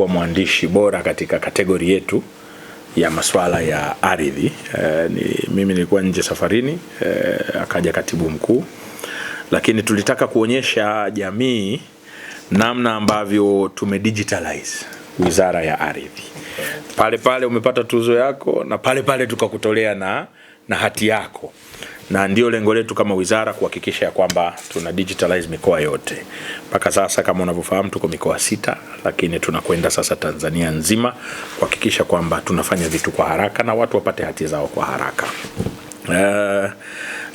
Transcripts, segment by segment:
Kuwa mwandishi bora katika kategori yetu ya masuala ya ardhi e, ni, mimi nilikuwa nje safarini e, akaja katibu mkuu, lakini tulitaka kuonyesha jamii namna ambavyo tumedigitalize wizara ya ardhi. Pale pale umepata tuzo yako na pale pale tukakutolea na, na hati yako na ndio lengo letu kama wizara kuhakikisha ya kwamba tuna digitalize mikoa yote. Mpaka sasa kama unavyofahamu, tuko mikoa sita, lakini tunakwenda sasa Tanzania nzima kuhakikisha kwamba tunafanya vitu kwa haraka na watu wapate hati zao kwa haraka. Uh,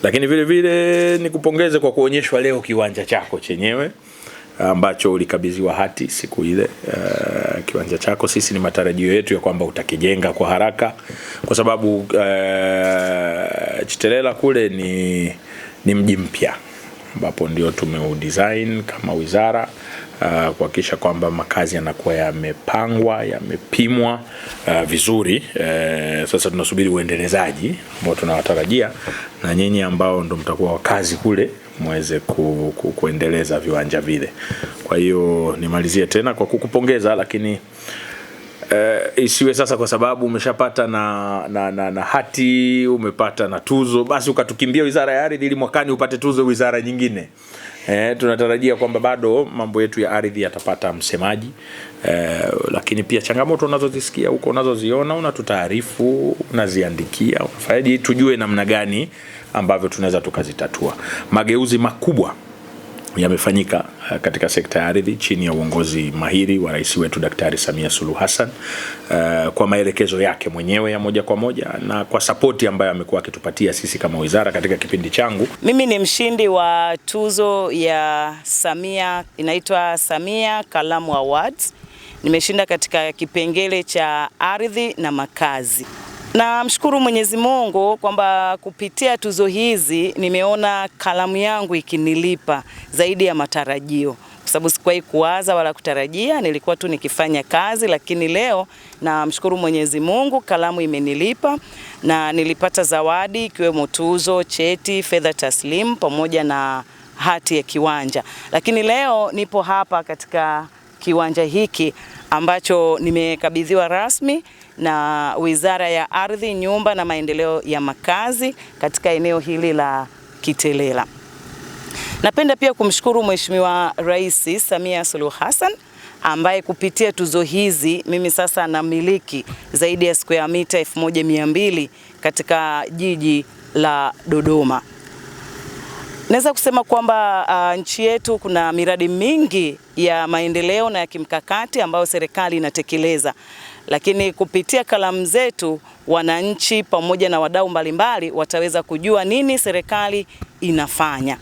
lakini vile vile nikupongeze kwa kuonyeshwa leo kiwanja chako chenyewe ambacho ulikabidhiwa hati siku ile. Uh, kiwanja chako, sisi ni matarajio yetu ya kwamba utakijenga kwa haraka, kwa sababu uh, eh, Chitelela kule ni, ni mji mpya ambapo ndio tumeudesign kama wizara uh, kuhakikisha kwamba makazi yanakuwa yamepangwa yamepimwa uh, vizuri. Uh, sasa tunasubiri uendelezaji ambao tunawatarajia na nyinyi ambao ndo mtakuwa wakazi kule mweze ku, ku, kuendeleza viwanja vile. Kwa hiyo nimalizie tena kwa kukupongeza lakini uh, isiwe sasa kwa sababu umeshapata na, na, na, na hati umepata na tuzo, basi ukatukimbia wizara ya ardhi ili mwakani upate tuzo wizara nyingine. Eh, tunatarajia kwamba bado mambo yetu ya ardhi yatapata msemaji eh, lakini pia changamoto unazozisikia huko unazoziona unatutaarifu, unaziandikia, unafaidi tujue namna gani ambavyo tunaweza tukazitatua. Mageuzi makubwa yamefanyika eh, katika sekta ya ardhi chini ya uongozi mahiri wa rais wetu Daktari Samia Suluhu Hassan uh, kwa maelekezo yake mwenyewe ya moja kwa moja na kwa sapoti ambayo amekuwa akitupatia sisi kama wizara katika kipindi changu. Mimi ni mshindi wa tuzo ya Samia, inaitwa Samia Kalamu Awards. Nimeshinda katika kipengele cha ardhi na makazi. Namshukuru Mwenyezi Mungu kwamba kupitia tuzo hizi nimeona kalamu yangu ikinilipa zaidi ya matarajio, kwa sababu sikuwahi kuwaza wala kutarajia, nilikuwa tu nikifanya kazi, lakini leo namshukuru Mwenyezi Mungu, kalamu imenilipa na nilipata zawadi ikiwemo tuzo, cheti, fedha taslimu pamoja na hati ya kiwanja. Lakini leo nipo hapa katika kiwanja hiki ambacho nimekabidhiwa rasmi na Wizara ya Ardhi, Nyumba na Maendeleo ya Makazi katika eneo hili la Kitelela. Napenda pia kumshukuru Mheshimiwa Rais Samia Suluhu Hassan ambaye kupitia tuzo hizi mimi sasa namiliki zaidi ya square mita 1200 katika jiji la Dodoma. Naweza kusema kwamba uh, nchi yetu kuna miradi mingi ya maendeleo na ya kimkakati ambayo serikali inatekeleza, lakini kupitia kalamu zetu wananchi pamoja na wadau mbalimbali wataweza kujua nini serikali inafanya,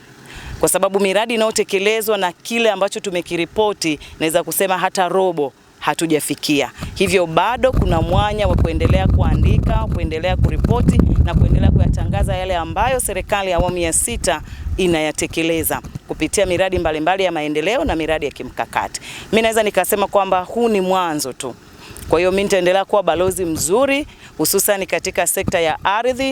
kwa sababu miradi inayotekelezwa na kile ambacho tumekiripoti, naweza kusema hata robo hatujafikia. Hivyo bado kuna mwanya wa kuendelea kuandika, kuendelea kuripoti na kuendelea kuyatangaza yale ambayo serikali ya awamu ya sita inayatekeleza kupitia miradi mbalimbali mbali ya maendeleo na miradi ya kimkakati. Mimi naweza nikasema kwamba huu ni mwanzo tu. Kwa hiyo mimi nitaendelea kuwa balozi mzuri hususan katika sekta ya ardhi.